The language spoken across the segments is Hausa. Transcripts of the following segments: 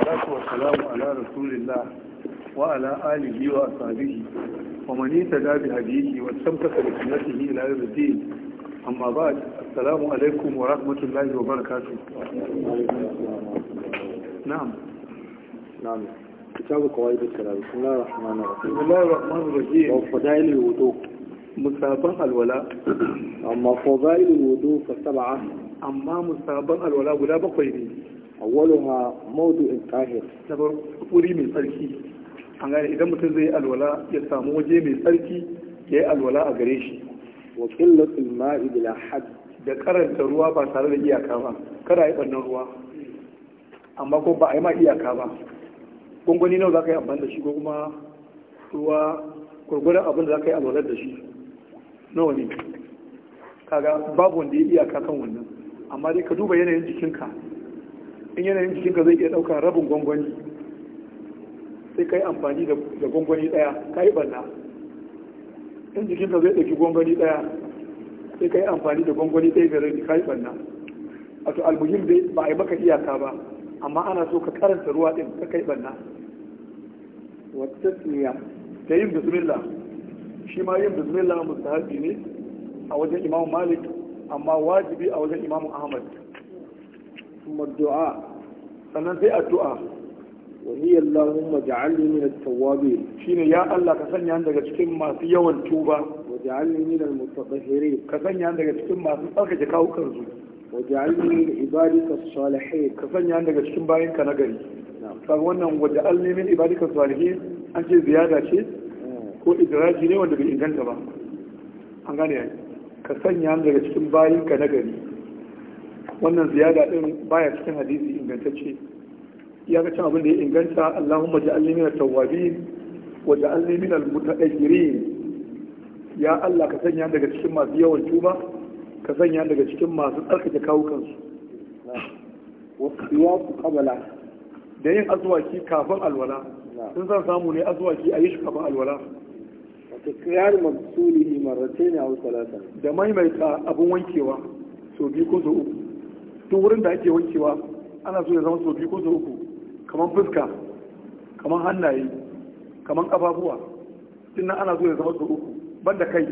salatu wassalamu ala rasulillah wa ala alihi wa ashabihi wa man yata bi hadihi wa tamtaka bi sunnatihi ila yawm al-din amma ba'd assalamu alaikum wa rahmatullahi wa barakatuh na'am na'am kitabu kawai da kira bismillahir rahmanir rahim bismillahir rahmanir rahim wa fadail al-wudu musabah al-wala amma fadail al-wudu fa sab'a amma musabah al-wala guda bakwai ne awwaluha mawdu'in tahir na bar wuri mai tsarki an gane idan mutum zai yi alwala ya samu waje mai tsarki ya yi alwala a gare shi wa qillatul ma'i bila hadd da karanta ruwa ba tare da iyaka ba kada yi ɓannan ruwa amma ko ba a yi ma iyaka ba gwangwani nawa za ka yi amfani da shi ko kuma ruwa gwargwaron abin da za ka yi alwalar da shi nawa ne kaga babu wanda ya iyaka kan wannan amma dai ka duba yanayin jikinka in yanayin jikinka zai iya ɗauka rabin gwangwani sai ka yi amfani da gwangwani ɗaya ka yi ɓanna in jikinka zai ɗauki gwangwani ɗaya sai ka yi amfani da gwangwani ɗaya da rai ka yi ɓanna a to almuhim dai ba a yi maka iyaka ba amma ana so ka karanta ruwa ɗin ka kai ɓanna wata tsiniya da yin bismillah shi ma yin bismillah mustahabi ne a wajen imamu malik amma wajibi a wajen imamu ahmad kuma du'a sannan sai addu'a wa ni Allahumma ja'alni min at-tawwabin shine ya Allah ka sanya ni daga cikin masu yawan tuba wa ja'alni min al-mutatahhirin ka sanya ni daga cikin masu tsarkake kawukan su wa ja'alni min ibadika as-salihin ka sanya ni daga cikin bayinka na gari kaga wannan wa ja'alni min ibadika as-salihin an ce ziyada ce eh. ko idraji ne wanda bai inganta ba an gane ka sanya ni daga cikin bayinka na gari wannan ziyada din baya cikin hadisi ingantacce ya ga cin abin da ya inganta Allahumma ja'alni minat tawwabin wa ja'alni al mutadayyirin ya Allah ka sanya daga cikin masu yawan tuba ka sanya daga cikin masu tsarkake kawukan su wa qiyatu qabla da yin azwaki kafin alwala sun san samu ne azwaki a yi shi kafin alwala تكرار مبسوله مرتين أو ثلاثة ده ما يميت أبو wankewa, سو بيكو ko أبو to wurin da ake wankewa ana so ya zama sau biyu ko sau uku kamar fuska kamar hannaye kamar ƙafafuwa sannan ana so ya zama sau uku banda kai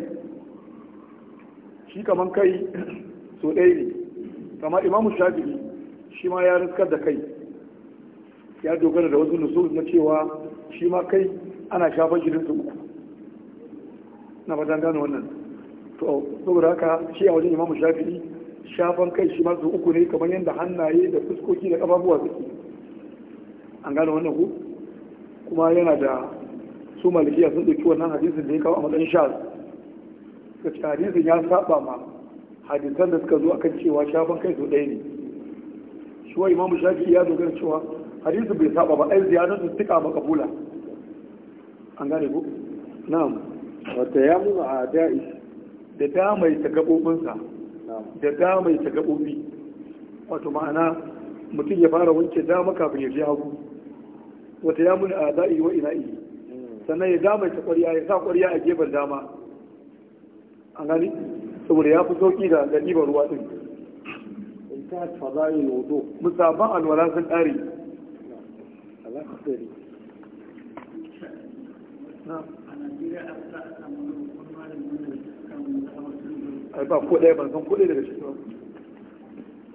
shi kamar kai sau ɗaya ne kamar imamu shafi'i shi ma ya riskar da kai ya dogara da wasu nusus na cewa shi ma kai ana shafar shi sau uku na fatan gano wannan to saboda haka shi a wajen imamu shafi'i shafan kai shi masu uku ne kamar yadda hannaye da fuskoki da kafafuwa suke an gane wannan ku kuma yana da su malikiya sun ɗauki wannan hadisin da ya kawo a matsayin shaz suka ce hadisin ya saba ma hadisan da suka zo akan cewa shafan kai su ɗaya ne shi wa imamu shafi ya dogara cewa hadisin bai saba ba ai ziyara su tuka kabula an gane ku na'am wata ya mu a da'i da ta mai ta gaɓoɓinsa da damai ta gaɓoɓi wato ma'ana mutum ya fara wanke dama kafin ya je hagu wata ya muni a za'i wa ina iya sannan ya damai ta ƙwarya ya sa ƙwarya a gefen dama an gani saboda ya fi sauƙi da da ɗiban ruwa ɗin musamman alwala sun ɗari a Najeriya a ai ba ko ɗaya ban san ko ɗaya daga cikin ba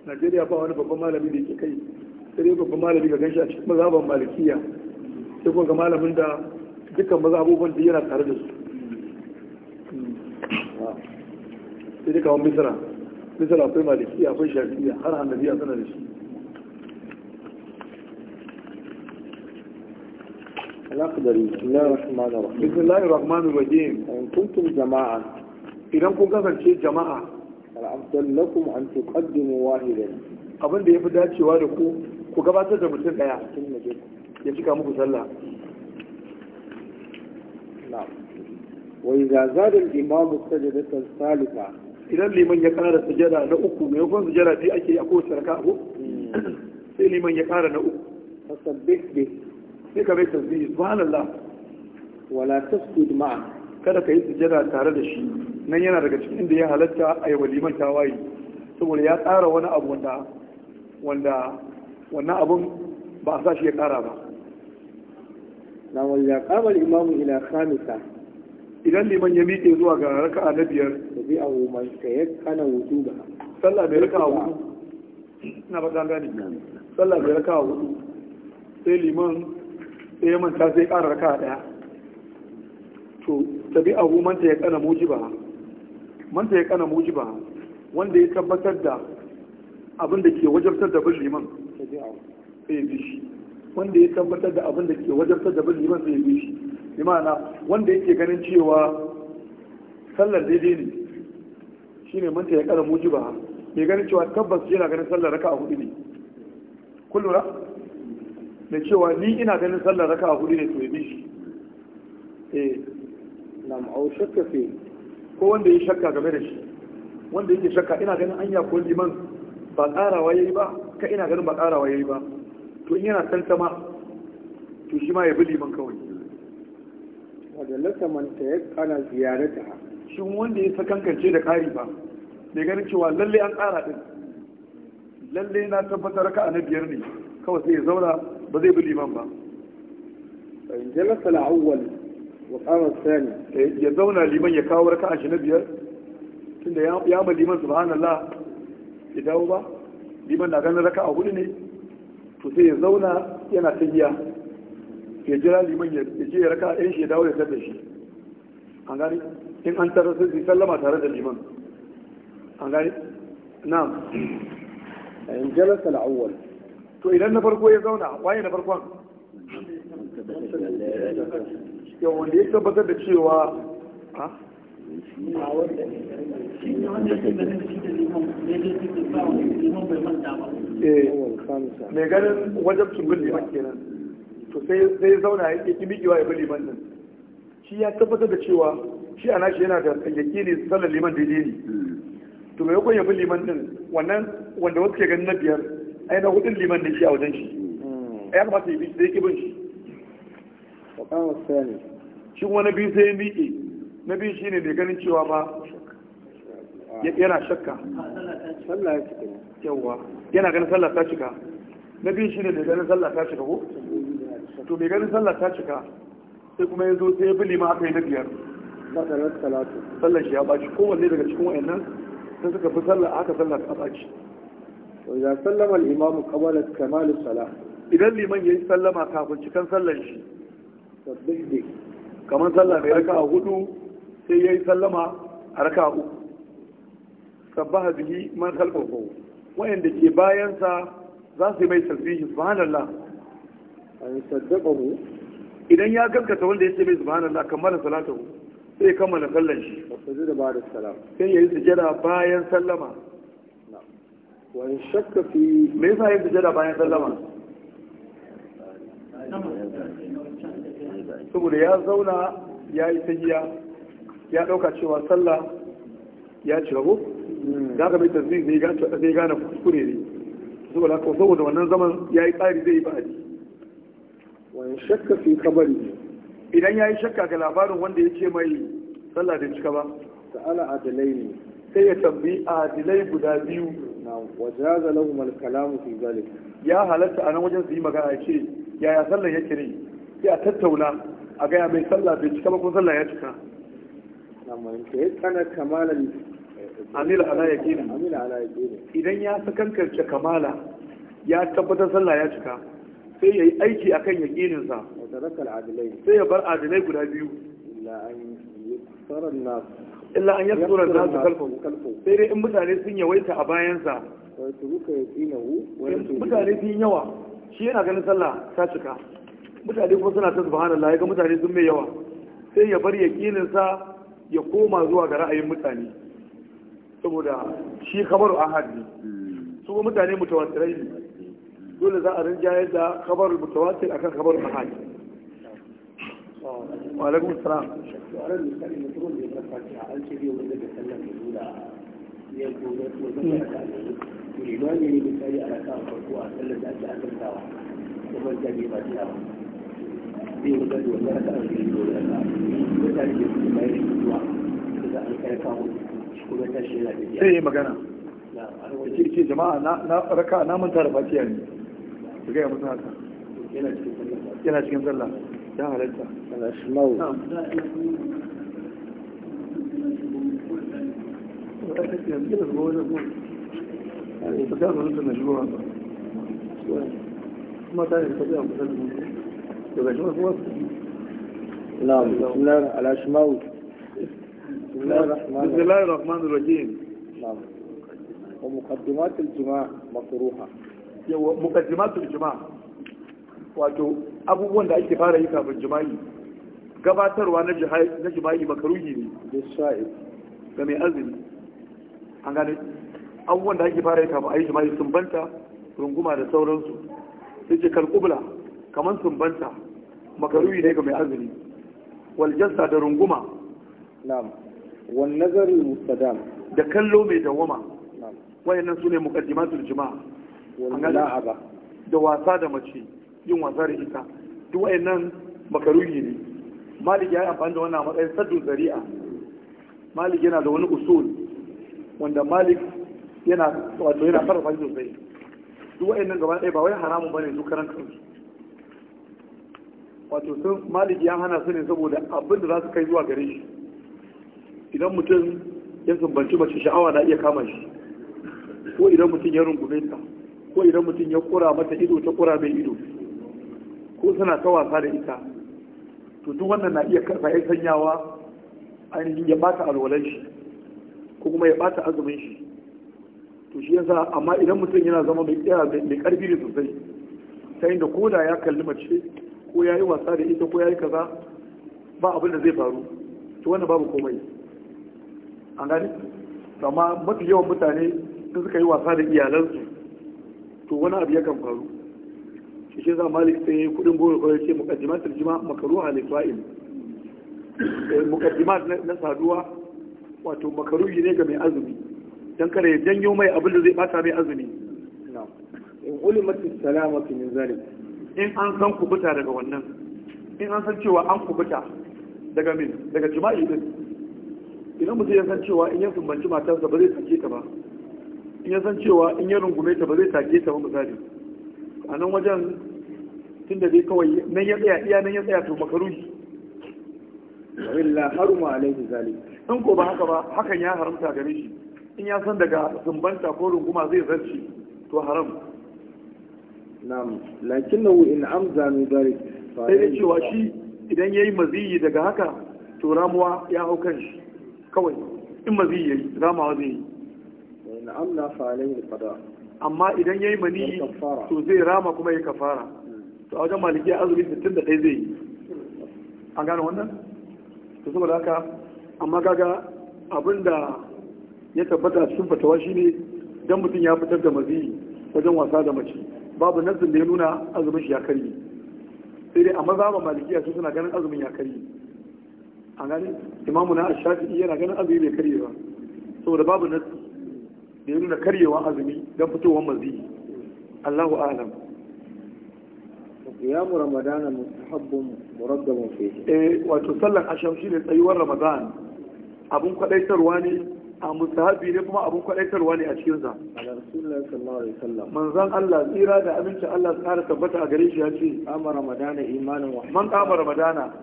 Najeriya ba wani babban malami da yake kai sai dai babban malami ga ganshi a cikin mazhaban malikiya sai kuma ga malamin da dukkan mazhaboban da yana tare da su sai dai kawo misra misra akwai malikiya akwai shafiya har hannabiya suna da shi الأخضري بسم الله الرحمن الرحيم بسم الله الرحمن الرحيم إن كنتم جماعة idan kun kasance jama'a al'afdal lakum an tuqaddimu wahidan abin da yafi dacewa da ku ku gabatar da mutum daya ya cika muku sallah na'am wa idza zada al-imam sajdatan salisa idan liman ya kara sujada na uku mai kun sujada bi ake a kowace raka'a ko hmm. sai liman ya kara na uku fasabbih bi sai ka bai tasbih subhanallah wala tasjud ma'a kada ka yi sujada tare da shi nan yana daga cikin inda ya halatta a yi waliman tawayi saboda ya tsara wani abu wanda wanda wannan abun ba a sa shi ya tsara ba na ya kama imamu ila khamisa idan liman ya miƙe zuwa ga raka'a na biyar da bi a woman ka ya kana wudu ba sallah bai raka'a hudu na ba dan gani sallah bai raka'a hudu sai liman sai ya manta sai ƙara raka'a daya tabi'ahu man ta yaqana mujibaha man ta yaqana mujibaha wanda ya tabbatar da abin da ke wajabtar da bin liman sai bi shi wanda ya tabbatar da abin da ke wajabtar da bin liman sai bi shi bi ma'ana wanda yake ganin cewa sallar daidai ne shine man ta yaqana mujibaha mai ganin cewa tabbas yana ganin sallar a hudu ne kullura da cewa ni ina ganin sallar a hudu ne to ya bi shi eh. nam au shakka fi ko wanda ya shakka game da shi wanda yake shakka ina ganin anya ko liman ba karawa yayi ba ka ina ganin ba karawa yayi ba to in yana tantama to shi ma ya bi liman kawai wadallata man ta ya kana ziyarata shin wanda ya sakankance da kari ba bai ganin cewa lalle an kara din lalle na tabbatar ka na biyar ne kawai sai ya zauna ba zai bi liman ba in jalasa al-awwal Eh, zauna liman ya يزون لمن a كأش biyar tunda ya ma liman subhanallah ya dawo ba liman na ganin raka a hudu ne to sai ya zauna yana tahiya ya jira liman ya je ya raka ɗan shi ya dawo ya tada shi an gani in an tara sai sallama tare da liman an gani na'am in jalasa al to idan na farko ya zauna waye na farkon yau wanda ya tabbatar da cewa eh, mai ganin wajen cimbin liman kenan to sai zauna ya ƙi miƙewa ya bi liman nan shi ya tabbatar da cewa shi a nashi yana da tsayyaki ne tsallar liman daidai ne to mai yakon ya bi liman din wannan wanda wasu ke ganin na biyar ainihin hudun liman da shi a wajen shi hmm. ya kamata ya bi da ya ƙi bin shi shi wani bi sai miƙe na bi shi ne mai ganin cewa ba yana shakka sallah ya cika yawa yana ganin sallah ta cika na bi shi ne mai ganin sallah ta cika ko to mai ganin sallah ta cika sai kuma ya zo sai ya bi ma aka yi na biyar sallar shi ya baci kowanne daga cikin wayannan sun suka fi sallar aka sallar ta baci وإذا سلم الإمام قبل كمال الصلاة إذا لمن يسلم كافر كان صلى شيء kamar sallah mai raka hudu sai ya yi sallama a raka uku sabbaha bihi man khalfahu wayanda ke bayansa za su yi mai tasbihi subhanallah an saddaqahu idan ya gaskata wanda ya ce mai subhanallah kamar salatu sai ya kammala sallan shi da ba da salam sai ya yi sujada bayan sallama wa in shakka fi me yasa ya sujada bayan sallama saboda ya zauna ya yi giya, ya ɗauka cewa sallah ya ci rabu za ka mai tasbih zai gane zai kuskure ne saboda haka saboda wannan zaman ya yi tsari zai yi ba'adi wani shakka fi kabari idan ya yi shakka ga labarin wanda ya ce mai sallah da cika ba ta'ala adalai ne sai ya tambayi adalai guda biyu wajaza lahum al-kalamu fi zalik ya halatta a nan wajen su yi magana ce yaya sallan yake ne ya tattauna a gaya mai sallah bai cika makon ko sallah ya cika ya tsana ala ya kira idan ya sakankarce kamala ya tabbatar sallah ya cika sai ya yi aiki a kan yaƙininsa sai ya bar adilai guda biyu illa an tsoron na su kalfo sai dai in mutane sun yawaita a bayansa mutane sun yawa shi yana ganin sallah ta cika mutane kuma suna ta subhanallah ya ga mutane sun mai yawa sai ya bar yakininsa ya koma zuwa ga ra'ayin mutane saboda shi kabaru ahad ne su mutane mutawatirai ne dole za a rinja da kabarul mutawatir akan kabarul ahad wa alaikum salam limani ne misali a raka farko a sallar da ake azantawa kuma jami'a ba zai wuta magana ce jama'a na raka na manta da fatiya ne su gaya musu haka yana cikin sallah ya kuma ta yi a kusa da daga shi wasu wa muqaddimatul juma'a wato abubuwan da ake fara yi kafin jima'i gabatarwa na jima'i makaruhi ne da ga mai azumi an gane abubuwan da ake fara yi kafin a jima'i sun banta runguma da sauransu sai ce kalkubla kamar sun banta makaruhi ne ga mai azumi wal da runguma na'am wal nazari mustadam da kallo mai dawama na'am wayannan sune muqaddimatul jima'a wal la'aba da wasa da mace yin wasa da ita duk wayannan makaruhi ne malik ya yi amfani da wannan matsayin saddu zari'a malik yana da wani usul wanda malik yana wato yana sarrafa sosai duk wayannan gaba ɗaya ba wai haramun bane su karan kansu wato sun maliki ya hana su ne saboda abin da za su kai zuwa gare shi idan mutum ya sumbanci mace sha'awa na iya kama shi ko idan mutum ya rungume ta ko idan mutum ya kura mata ido ta kura mai ido ko suna ta wasa da ita to duk wannan na iya karfa ya sanyawa ainihin ya bata alwalan shi ko kuma ya bata azumin shi to shi yasa amma idan mutum yana zama mai karfi da sosai ta inda koda ya kalli mace ko ya yi wasa da ita ko ya yi kaza ba abin da zai faru to wannan babu komai an gani amma mafi yawan mutane sun suka yi wasa da iyalansu to wani abu yakan faru shi shi za malik sai ya yi kudin goro ko ya ce mukaddimat tarjima a lisa'il mukaddimat na saduwa wato makaruhi ne ga mai azumi don kada ya janyo mai abin da zai bata mai azumi na'am in salamatu min zalik in an san kubuta daga wannan in an san cewa an kubuta daga min daga jima'i din idan mutum ya san cewa in ya sumbanci matarsa ba zai take ta ba in ya san cewa in ya rungume ta ba zai take ta ba misali a nan wajen tun da dai kawai nan ya tsaya iya nan ya tsaya to makaruhi illa haruma alaihi zalik in ko ba haka ba hakan ya haramta gare shi in ya san daga sumbanta ko runguma zai zarci to haram na'am lakinnahu in am zanu dhalik sai dai cewa shi idan yayi maziyi daga haka to ramuwa ya hau kan shi kawai in maziyi yayi ramawa zai yi in amna fa alayhi qada amma idan ya yi mani to zai rama kuma yayi kafara hmm. to a wajen maliki azumi 61 zai yi an gane wannan to saboda haka amma kaga da ya tabbata cikin fatawa shi ne don mutum ya fitar da maziyi wajen wasa da mace babu nazin da ya nuna azumin shi ya karye sai dai za mu malikiya su suna ganin azumin ya karye a gani imamu na ashafi yana ganin azumi bai karye ba saboda babu nasi da ya nuna karyewa azumi don fitowar mazi Allahu alam mu ramadana mustahabbun muraddabun fihi eh wato sallan asham ne tsayuwar ramadan abun kwadaitarwa ne a mustahabi ne kuma abun kwadaitarwa ne a cikin sa manzon Allah tsira da aminci Allah tsara tabbata a gare shi ya ce kama ramadana imanin wa man kama ramadana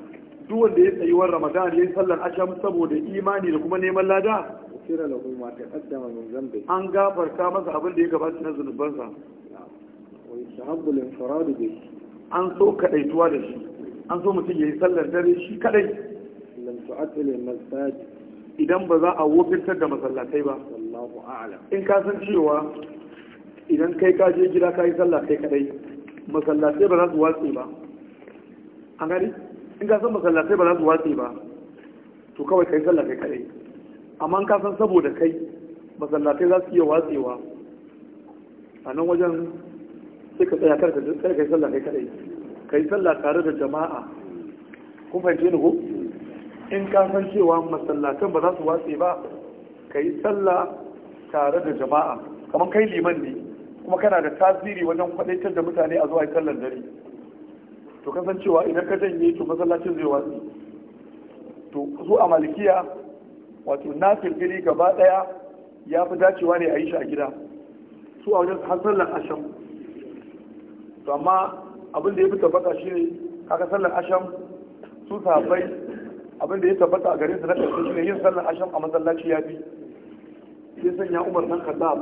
duk wanda ya tsayi war ramadana yi sallar asham saboda imani da kuma neman lada kira lahu ma min zambi an gafarta masa abin da ya gabata na zunubansa wa yastahabbu al bi an so kaɗaituwa da shi an so mutum yi sallar dare shi kaɗai. lam masajid idan ba za a wofintar da masallatai ba in ka san cewa idan kai ka je gida ka yi sallah kai kadai masallatai ba za su watse ba a gani in ka san masallatai ba za su watse ba to kawai kai sallah kai kadai amma in ka san saboda kai masallatai za su iya watsewa a nan wajen sai ka tsaya kar ka kai sallah kai kadai kai sallah tare da jama'a kun fahimce ni ko in ka san cewa masallatan ba za su watse ba ka yi sallah tare da jama'a kamar kai liman ne kuma kana da tasiri wajen kwadaitar da mutane a zuwa sallar dare to kasancewa idan ka janye to masallacin zai watsi to su a malikiya wato na firgiri gaba daya ya fi dacewa ne a yi shi a gida su a wajen sallar asham to amma abin da ya fi tabbata shi ne kaga sallar asham su sahabbai abin da ya tabbata a gare su na shi ne yin sallar asham a masallaci ya fi ya sanya umar dan khattab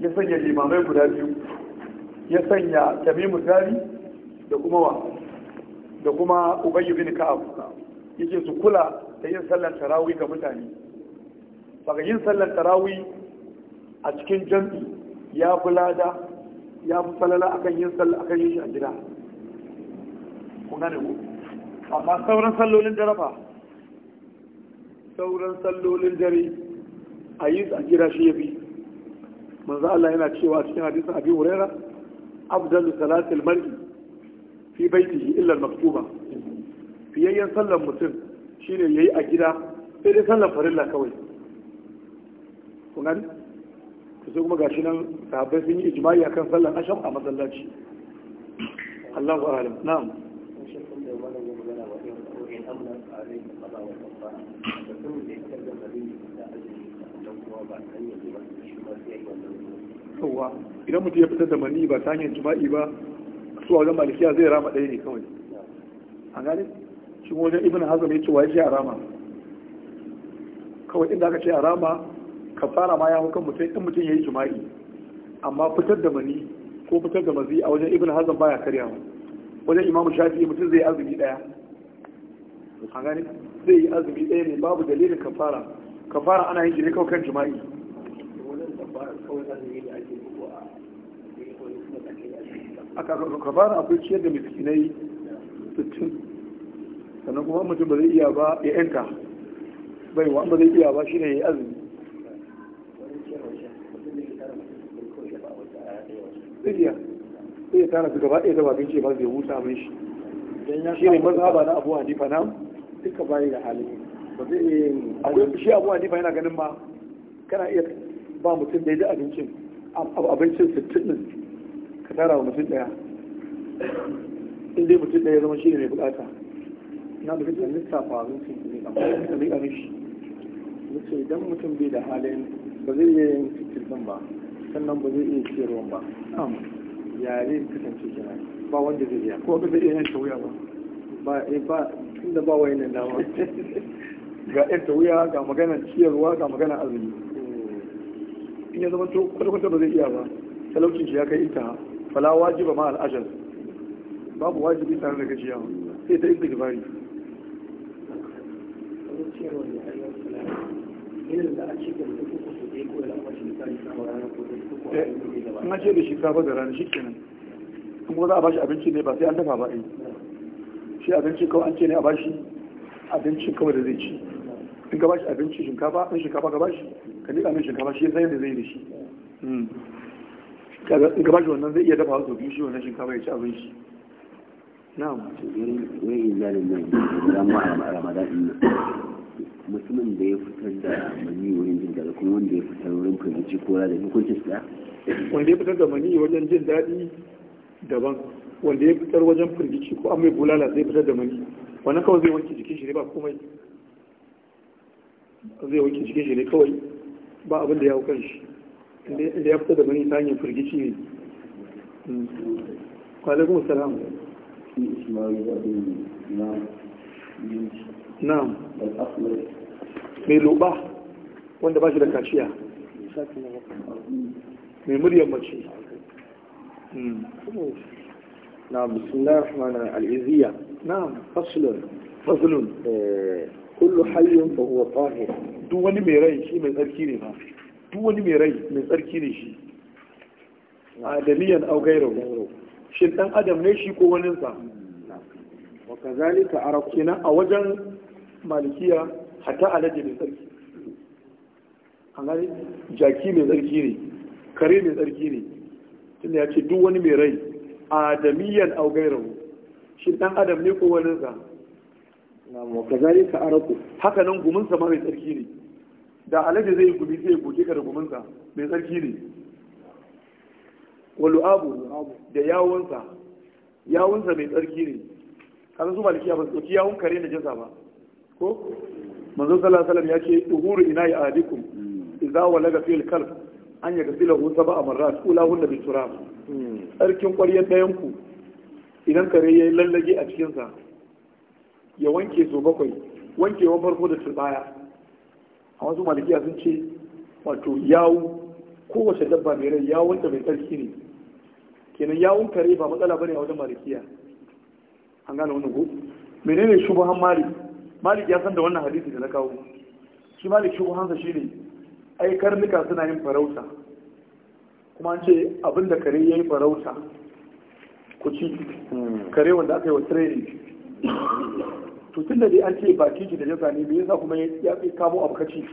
ya sanya limamai guda biyu ya sanya tamimu tari da kuma wa da kuma ubayyu bin ka'ab yake su kula da yin sallar tarawi ga mutane saka yin sallar tarawi a cikin jam'i ya fi lada ya fi falala akan yin sallar akan yin shi a gida kun gane ku amma sauran sallolin dare ba sauran sallolin dare a yi a gida shi ya fi manzan Allah yana cewa cikin hadisa Abi wurera abdullu salatil mar'i fi bai illa illar maktuba fiyayyen sallan mutum shi ne ya yi a gida ɗaya sallar sallan farilla kawai kun gani kuma gashi nan sabbin sun yi a akan sallan asham a masallaci Allahu a'lam na'am idan mutum ya fitar da mani ba ta hanyar jima'i ba su a wajen malikiya zai rama ɗaya ne kawai a gani shi wajen ibn hazam ya ce wa ya a rama kawai inda aka ce a rama ka fara ma ya hukan mutum in mutum ya yi jima'i amma fitar da mani ko fitar da mazi a wajen ibn hazam baya karyawa wajen imamu shafi mutum zai azumi ɗaya an zai yi azumi ɗaya ne babu dalilin kafara kafara ana yin shi ne kawai kan jima'i a kafara akwai ciyar da miskinai sittin sannan kuma mutum ba zai iya ba ya yanka bai wa ba zai iya ba shi ne ya yi azumi zai iya tara su gaba ɗaya da babin ce ba zai huta mai shi shi ne ba na abu fa nan? duka bayi da hali ba zai iya yin akwai shi abu hanifa yana ganin ma kana iya ba mutum da ya abincin abincin sittin ka tara wa mutum daya in dai mutum daya zama shi ne mai bukata na da fitar lissafa abincin ne amma ka rika mishi nace idan mutum bai da halin ba zai iya yin sittin ba sannan ba zai iya ciyarwa ba yare kasance kenan ba wanda zai iya ko ba zai iya yin shawuya ba ba eh, ba tunda ba wayannan dama ga yadda wuya ga magana ciyarwa ga magana azumi in ya zama to kwata-kwata ba zai iya ba talaucin shi ya kai ita fala wajiba ma al'ajar babu wajibi tare da gajiya sai ta inda gabari eh, in ce da shi safa da rana shi kenan kuma za a bashi abinci ne ba sai an dafa ba a eh. yi shi abinci kawai an ce ne a bashi abinci kawai da zai ci in ka bashi abinci shinkafa in shinkafa ka bashi ka nika min shinkafa shi zai da zai da shi hmm. in ka bashi wannan zai iya dafa wasu biyu shi wannan shinkafa ya ci abinci na'am wai ilalin nan da mu a ramadan din mutumin da ya fitar da mani wurin jin daɗi kuma wanda ya fitar wurin firgici ko da hukuncin sa wanda ya fitar da mani wajen jin daɗi daban wanda ya fitar wajen firgici ko an mai bulala zai fitar da mani wannan kawai zai wanke jikin shi ne ba komai zai wanke jikin shi ne kawai ba abin da ya hukar shi inda ya fitar da mani ta hanyar firgici ne hmm. kuma salam na mai loba wanda ba shi da kaciya mai muryar mace hmm. نعم بسم الله الرحمن الرحيم العزية نعم فصل فصل كل duk wani mai rai shi mai tsarki ne ba duk wani mai rai mai tsarki ne shi adamiyan au gairau shin dan adam ne shi ko wani sa wa kazalika arab kenan a wajen malikiya hatta alaji mai tsarki an gani jaki mai tsarki ne kare mai tsarki ne tunda ya ce duk wani mai rai adamiyan aw ghayruhu shi dan adam ne ko wani sa na'am kazalika araku haka nan gumin sa mai tsarki ne da alaji zai gumi zai goge ka da gumin sa mai tsarki ne wa lu'abu da yawun sa yawun sa mai tsarki ne kaza su maliki ba su dauki yawun kare da jaza ba ko manzon sallallahu alaihi wasallam ya ce uhuru ina ya adikum hmm. idza walaga fil kalb an yaga sila husa ba a marrat kula da bi turab tsarkin hmm. ƙwaryar ɗayan ku idan kare ya yi lallage a cikinsa ya wanke so bakwai wa farko da turbaya a wasu malikiya sun ce wato yawu kowace dabba mai rai yawun da mai tsarki ne kenan yawun kare ba matsala bane a wajen malikiya an gane wani ko menene shubuhan malik malik ya san da wannan hadisi da na kawo shi malik shubuhansa ne. ai karnuka suna yin farauta kuma an ce abin da kare ya yi farauta ku ci hmm. kare wanda aka yi wa training to tun da dai an ce ba kiji da jaza ne me yasa kuma ya fi kamo abu kaci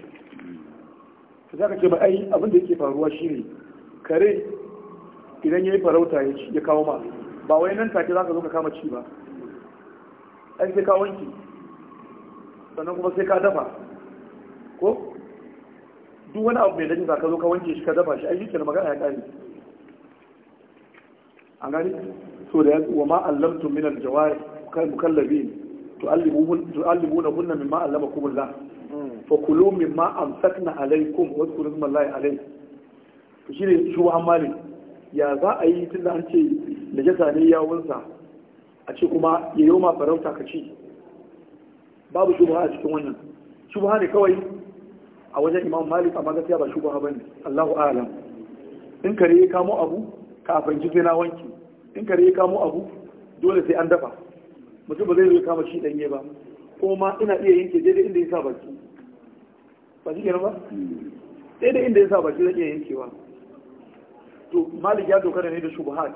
to za ka ce ba ai abin da yake faruwa shine kare idan ya yi farauta ya kawo ma ba wai nan take za ka zo ka kama ci ba ai sai ka wanki sannan kuma sai ka dafa ko duk wani abu mai dajin ka zo ka wanke shi ka dafa shi ai shi magana ya kare a gani so da wa ma allamtum min al-jawari kai to allibu na kunna mimma allamakum Allah hmm. fa kulu mimma amsakna alai wa zkuru isma Allah alayhi to shine shi wa malik ya za a yi tun da an ce najasa ne ya wunsa a ce kuma yayo ma farauta ka ci babu shubha a cikin wannan shubha ne kawai a wajen imam malik amma gaskiya ba shugaba ba ne allahu alam in kare ya kamo abu kafin ji sai na wanki in kare ya kamo abu dole sai an dafa mutum ba zai zo kama shi danye ba ko ma ina iya yanke daidai inda ya sa baki ba shi ba daidai inda ya sa baki zan iya yankewa to malik ya dokar ne da shubuhat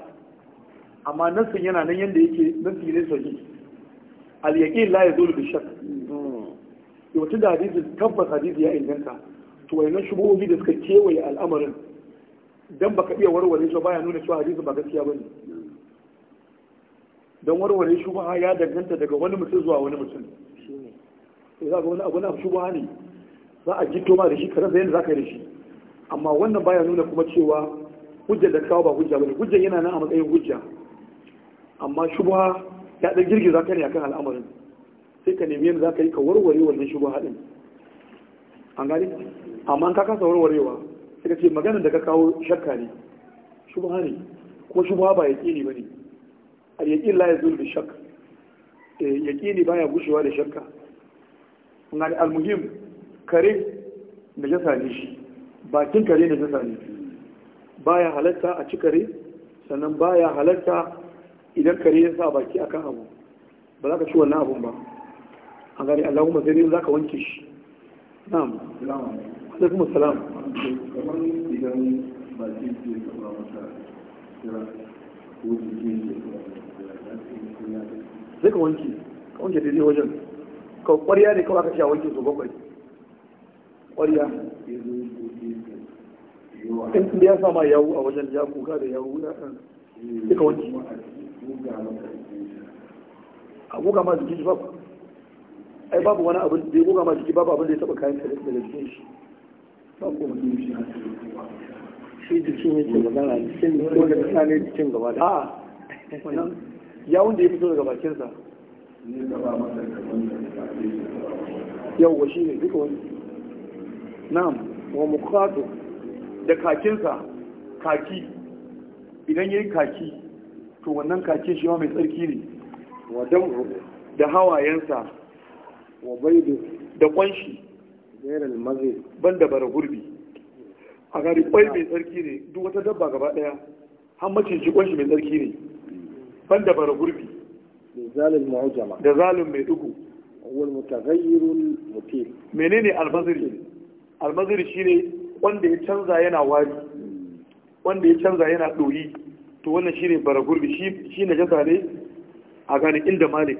amma nassin yana nan yadda yake nassin ne sahi al yaqin la yazulu bi shakk hmm. yau da hadisi tabbas hadisi ya inganta to wayannan shugobi da suka kewaye al'amarin dan baka iya warware shi baya nuna cewa hadisi ba gaskiya bane dan warware shubuha ya danganta daga wani mutum zuwa wani mutum shine eh, za ga wani abu na shubuha ne za a jito ma da shi kaza yadda za ka yi da shi amma wannan baya nuna kuma cewa hujjar da kawo ba hujja bane hujjar yana nan a matsayin hujja amma shubha ya dan girgiza kai ne akan al'amarin sai ka nemi yadda za ka yi ka warware wannan shigo haɗin an gani amma ka kasa warwarewa sai ka ce maganar da ka kawo shakka ne shubha ne kuma shubha ba yaƙini ba ne a yaƙin la ya zuru da shakka eh, yaƙini ba ya gushewa da shakka an gani almuhim kare da jasa ne shi bakin kare da jasa ne ba ya halatta a ci kare sannan ba ya halatta idan kare ya sa baki akan abu ba za ka ci wannan abun ba a gari allahumma sai dai za ka wanke shi na'am sai kuma salam sai ka wanke ka wanke daidai wajen ka kwariya ne kawai aka sha wanke su bakwai kwarya in da ya sama yawu a wajen ya kuka da yawu ya kan sai ka wanke a kuka ma jiki ba ai babu wani abin da ya ma jiki babu abin da ya taba kayan kare da jikin shi ba ko mutum shi shi jikin magana wanda ne gaba ah, da a wannan ya fito daga bakinsa wa shi ne duka wani na'am wa mukhato da kakinsa kaki idan yayi kaki to wannan kakin shi ma mai tsarki ne wa da hawayensa وبيض دقنشي da kwanshi بند ban da bara gurbi a gari kwai mai tsarki ne duk wata dabba gaba daya har maciji kwanshi mai tsarki ne ban da bara gurbi da zalin mai dugu wal mutaghayyirul wanda ya canza yana wari wanda ya canza yana doyi to wannan shine bara gurbi shi shine najasa ne a gani inda malik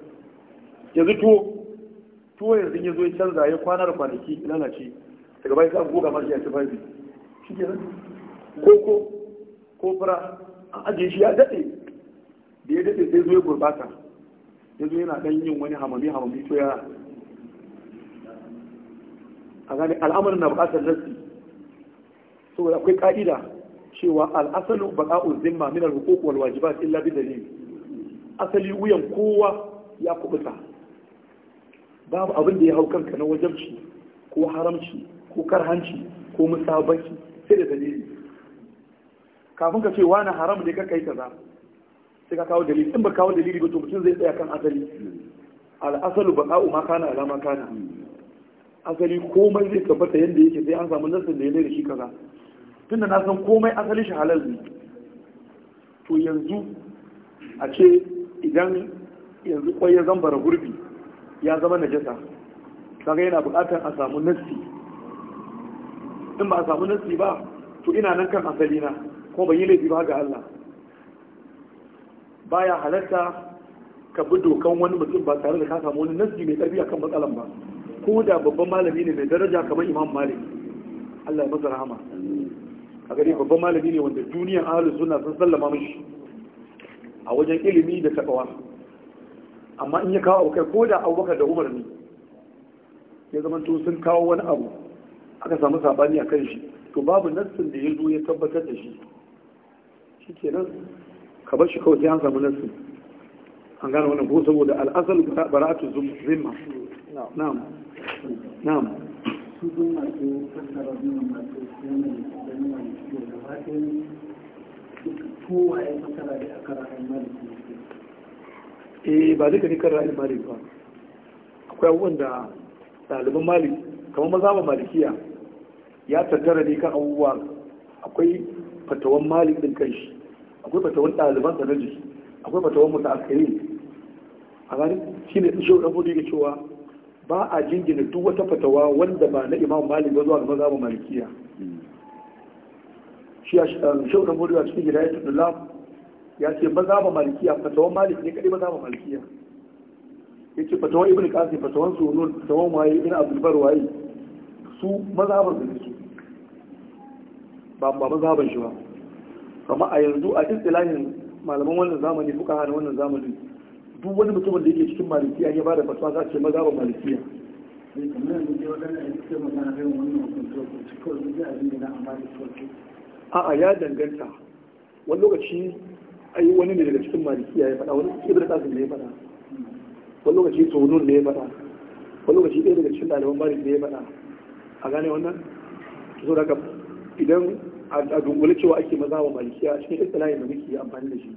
yanzu tuwo tuwo yanzu ya zo ya canza ya kwana da kwanaki lalace daga bayan sai goga mashi ya ci bazi shi ke koko ko fura an ajiye shi ya daɗe da ya daɗe sai zo ya gurɓata ya zo yana ɗan yin wani hamami hamami to ya a gane al'amarin na buƙatar nasi saboda akwai ƙa'ida cewa al'asalu baka'un zimma min al-huquq wal wajibat illa bi dalil asali wuyan kowa ya kubuta babu abin da ya hau kanka na wajabci ko haramci ko karhanci ko musabaki sai da dalili kafin ka ce wani haram da ka kai kaza sai ka kawo dalili in ba kawo dalili ba to mutum zai tsaya kan asali al'asalu ba ka'u ma kana alama kana asali komai zai tabbata yadda yake sai an samu nasin da ya da shi kaza tunda na san komai asali shi halal ne to yanzu a ce idan yanzu kwai ya zambara gurbi ya zama najasa kaga yana buƙatar a samu nassi in ba a samu nassi ba to ina nan kan asali na ko ban yi laifi ba ga Allah baya halatta ka bi dokan wani mutum ba tare da ka samu wani nassi mai ƙarfi akan matsalan ba ko da babban malami ne mai daraja kamar Imam Malik Allah ya masa rahama a gare babban malami ne wanda duniyan ahlus sunna sun sallama mishi a wajen ilimi da takawa amma in ya kawo abu kai ko da abubakar da umar ne ya zama to sun kawo wani abu aka samu sabani a kan shi to babu nassin da ya zo ya tabbatar da shi shi nan ka bar shi kawai sai an samu nassin an gane wannan ko saboda al'asal baratu zimma na'am na'am kowa ya da aka rahama da eh ba duka ne kan ra'ayin malik ba akwai abubuwan da ɗaliban malik kamar mazhaban malikiya ya tattara ne kan abubuwa akwai fatawan malik din kanshi akwai fatawan ɗaliban sa jiki akwai fatawan mutu askari a gani shi ne ɗin ɗan bude da cewa ba a jingina duk wata fatawa wanda ba na imam malik ba zuwa ga mazhaban malikiya hmm. shi a shi bude a cikin gida ya tattala ya ce ba za ba malikiya fatawan malik ne kadai ba za ba malikiya ya ce fatawan ibn kasi fatawan sunun fatawan waye ibn abubuwar waye su mazhaban su ne su ba ba mazhaban shi ba Kama a yanzu a istilahin malaman wannan zamani fuka hana wannan zamani duk wani mutumin da yake cikin malikiya ya ba da fatawa za ce mazhaban malikiya a'a ya danganta wani lokaci ai wani ne daga cikin malikiya ya faɗa wani ibn qasim ne ya faɗa wani lokaci tunun ne ya faɗa wani lokaci ɗaya daga cikin ɗaliban malik ne ya faɗa a gane wannan so daga idan a dungule cewa ake maza wa malikiya cikin istilahin da muke amfani da shi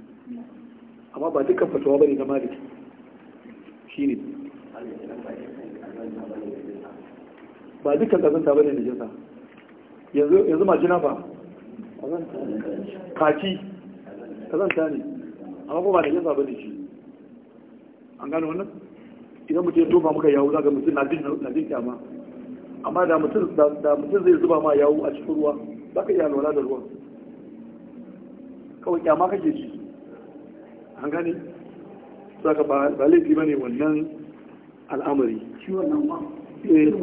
amma ba dukkan fatawa bane na malik shine ba dukkan kazanta bane da jinsa yanzu majina ba kaci kazanta ne amma kuma da yasa bane shi an gano wannan idan mutum ya tofa maka yawo zaka mutum na jin na jin kyama amma da mutum da mutum zai zuba ma yawo a cikin ruwa zaka iya lura da ruwan kawai kyama kake ji an gane saka ba ba laifi bane wannan al'amari shi wannan ma eh.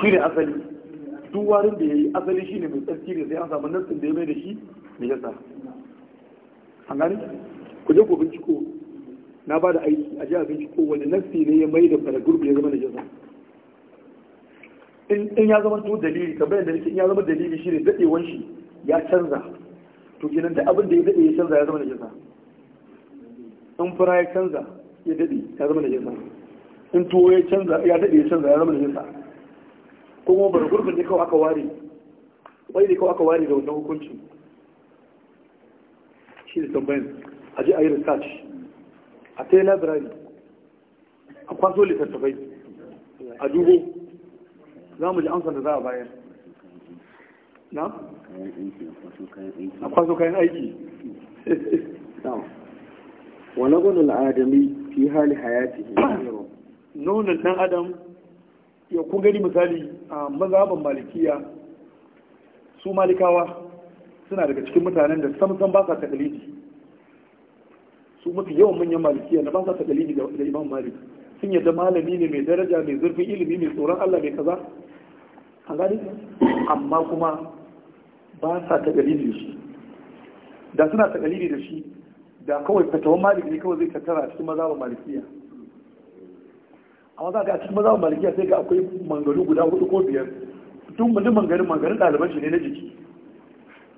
shi ne asali duk warin da ya yi asali shi ne mai tsarki ne sai an samu nassin da ya mai da shi mai yasa an gani ku je ku binciko na ba da aiki a ji a binciko wani nassi ne ya mai da faragurbi ya zama da yasa in ya zama to dalili kamar yadda nake in ya zama dalili shi ne daɗewan shi ya canza to kenan da abin da ya daɗe ya canza ya zama da yasa in fura ya canza ya daɗe ya zama da yasa in tuwo ya canza ya daɗe ya canza ya zama da yasa ko kuma bar gurbin ne kawai aka ware wai ne kawai aka ware da wannan hukuncin shi da tambayin a je a yi research a ta yi a kwaso littattafai a dubo za mu ji amsa da za a bayar na? a kwaso kayan aiki wani gudun al'adami fi hali hayati Nuna ɗan adam yau kun gani misali a mazhaban malikiya su malikawa suna daga cikin mutanen da samsan ba sa takaliji su mafi yawan manyan malikiya na ba sa takaliji da imam malik sun yadda malami ne mai daraja mai zurfin ilimi mai tsoron allah mai kaza an gani amma kuma ba sa takaliji da shi da suna takaliji da shi da kawai fatawan malik ne kawai zai tattara cikin mazhaban malikiya amma za ka cikin mazaun malikiya sai ga akwai mangaru guda hudu ko biyar tun mutu mangarin mangarin ɗaliban shi ne na jiki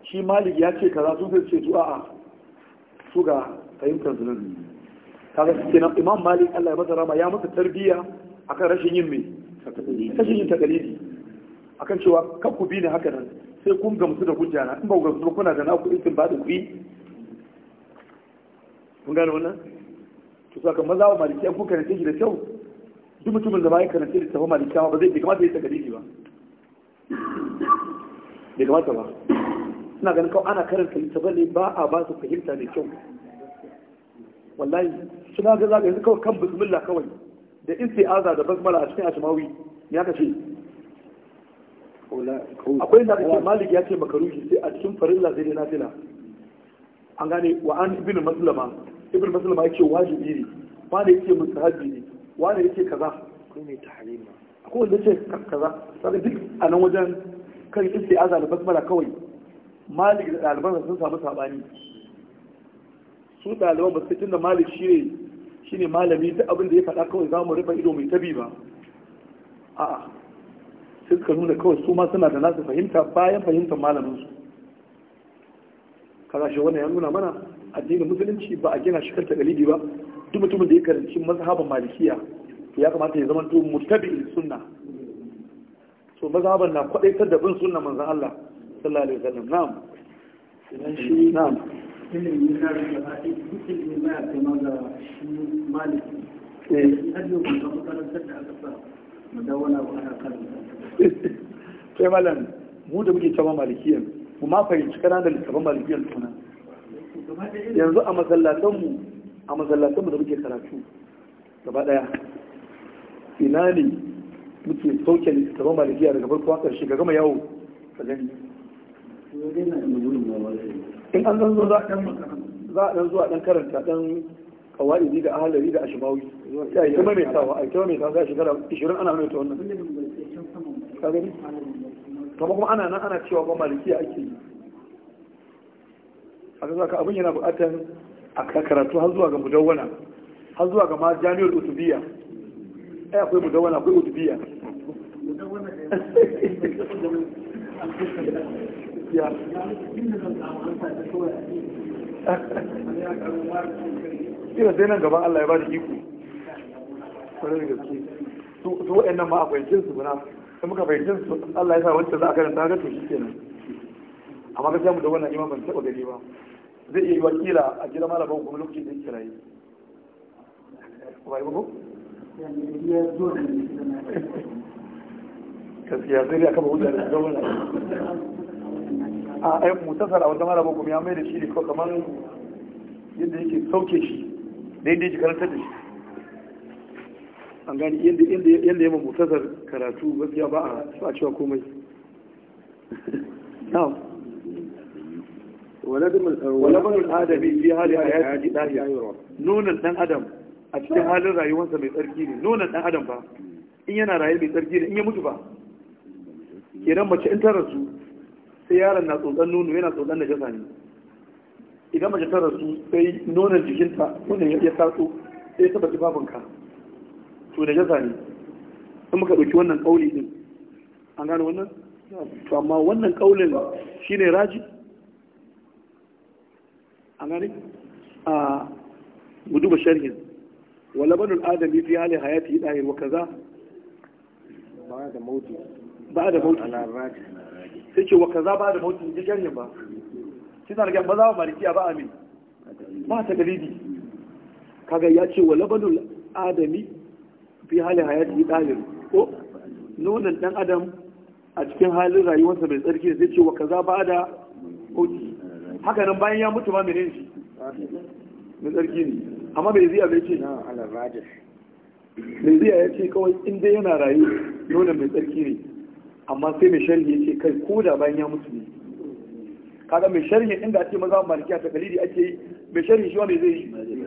shi malik ya ce kaza su zai ce su a'a su ga fahimtar su nan kaga suke nan imam malik allah ya masa rama ya masa tarbiyya akan rashin yin mai rashin yin A akan cewa kan ku bi ne haka nan sai kun gamsu da hujja na in ba ku gamsu kuna da naku sun ba da ku yi kun gane wannan to saka maza wa malikiya kuka ne da kyau duk mutumin da ba da karanta littafin malikiyawa ba zai kamata ya saka dini ba bai kamata ba suna ganin kawai ana karanta littafin ne ba a ba su fahimta mai kyau wallahi suna ga zaga yanzu kawai kan bismillah kawai da in aza da basmala a cikin ashmawi ya ce. akwai da ake malik ya ce shi sai a cikin farilla zai dai nafila an gane wa an ibn maslama ibn maslama ce wajibi ne ba da yake mustahabi ne wani yake kaza akwai mai tahalima ko wanda ce kaza sai duk a nan wajen kan istiaza da basmala kawai malik da ɗaliban sun samu sabani su ɗaliban ba su tunda malik shi ne malami duk abin da ya faɗa kawai za mu rufe ido mai tabi ba a'a sai suka nuna kawai su ma suna da nasu fahimta bayan fahimtar malamin su kaza shi wannan ya nuna mana addinin musulunci ba a gina shi kan takalidi ba duk mutumin da ya karanci mazhaban malikiya to ya kamata ya zama to mutabi'in sunna so mazhaban na kwadaitar da bin sunna manzon Allah sallallahu alaihi wasallam na'am idan shi na'am ilimin na da maliki eh. sa ko sai malam mu da muke cewa malikiyan mu ma fahimci kana da littafin malikiyan tuna yanzu a masallatanmu a masallatanmu da muke karatu gaba daya ina ne muke sauke littattafan malikiya daga farko a ƙarshe ga gama yawo ka gani in an zan zo za a ɗan zuwa ɗan karanta ɗan kawai da ahalari da ashimawi ya yi kuma mai sawa a kuma mai sawa a shekara 20 ana mai ta wannan ka gani kuma kuma ana nan ana cewa ba malikiya ake yi a ka abin yana buƙatar a karatu har zuwa ga mudawwana har zuwa ga majaniyar utubiya ai eh, akwai mudawwana akwai utubiya ina sai nan gaban Allah ya ba da iko su waɗannan ma a fahimcin su guna in muka fahimcin su Allah ya sa wancan za a karanta ga to shi kenan amma sai mu da wannan imam ban taɓa gani ba zai iya yi wakila a gidan malaman kuma lokacin da ya kirayi yi ba gaskiya sai ya kama wuta da zaune a ayyukan mutasar a wata malaman kuma ya mai da shi ne kawai kamar yadda yake sauke shi da yadda yake karanta da shi an gani yadda yamma mutasar karatu ya ba a cewa komai na'am walabanul adami fi hali hayati dahiya nonon dan adam a cikin halin rayuwarsa mai tsarki ne nonon dan adam ba in yana raye mai tsarki ne in ya mutu ba kenan mace in ta rasu sai yaron na tsotsan nono yana tsotsan da jasa ne idan mace ta rasu sai nonon jikinta nonon ya tatso sai ta baki babanka to da jasa ne in muka ɗauki wannan ƙauli din an gano wannan to amma wannan ƙaulin shine raji an a guduba sharhin wa labanul adami fi hali hayati dahir wa kaza ba da mauti ba da mauti sai ce wa kaza ba da mauti ji sharhin ba shi na ba za malikiya ba amin ba ta galibi kaga ya ce wa labanul adami fi hali hayati dahir ko nunan dan adam a cikin halin rayuwarsa mai tsarki zai ce wa kaza ba da mauti haka nan bayan ya mutu ma mene shi na tsarki ne amma bai ziya abai ce bai ziya ya ce kawai inda yana rayu nuna mai tsarki ne amma sai mai sharhi ya ce kai ko da bayan ya mutu ne kaga mai sharhi inda ake maza maliki a takalidi ake yi mai sharhi shi wa mai zai yi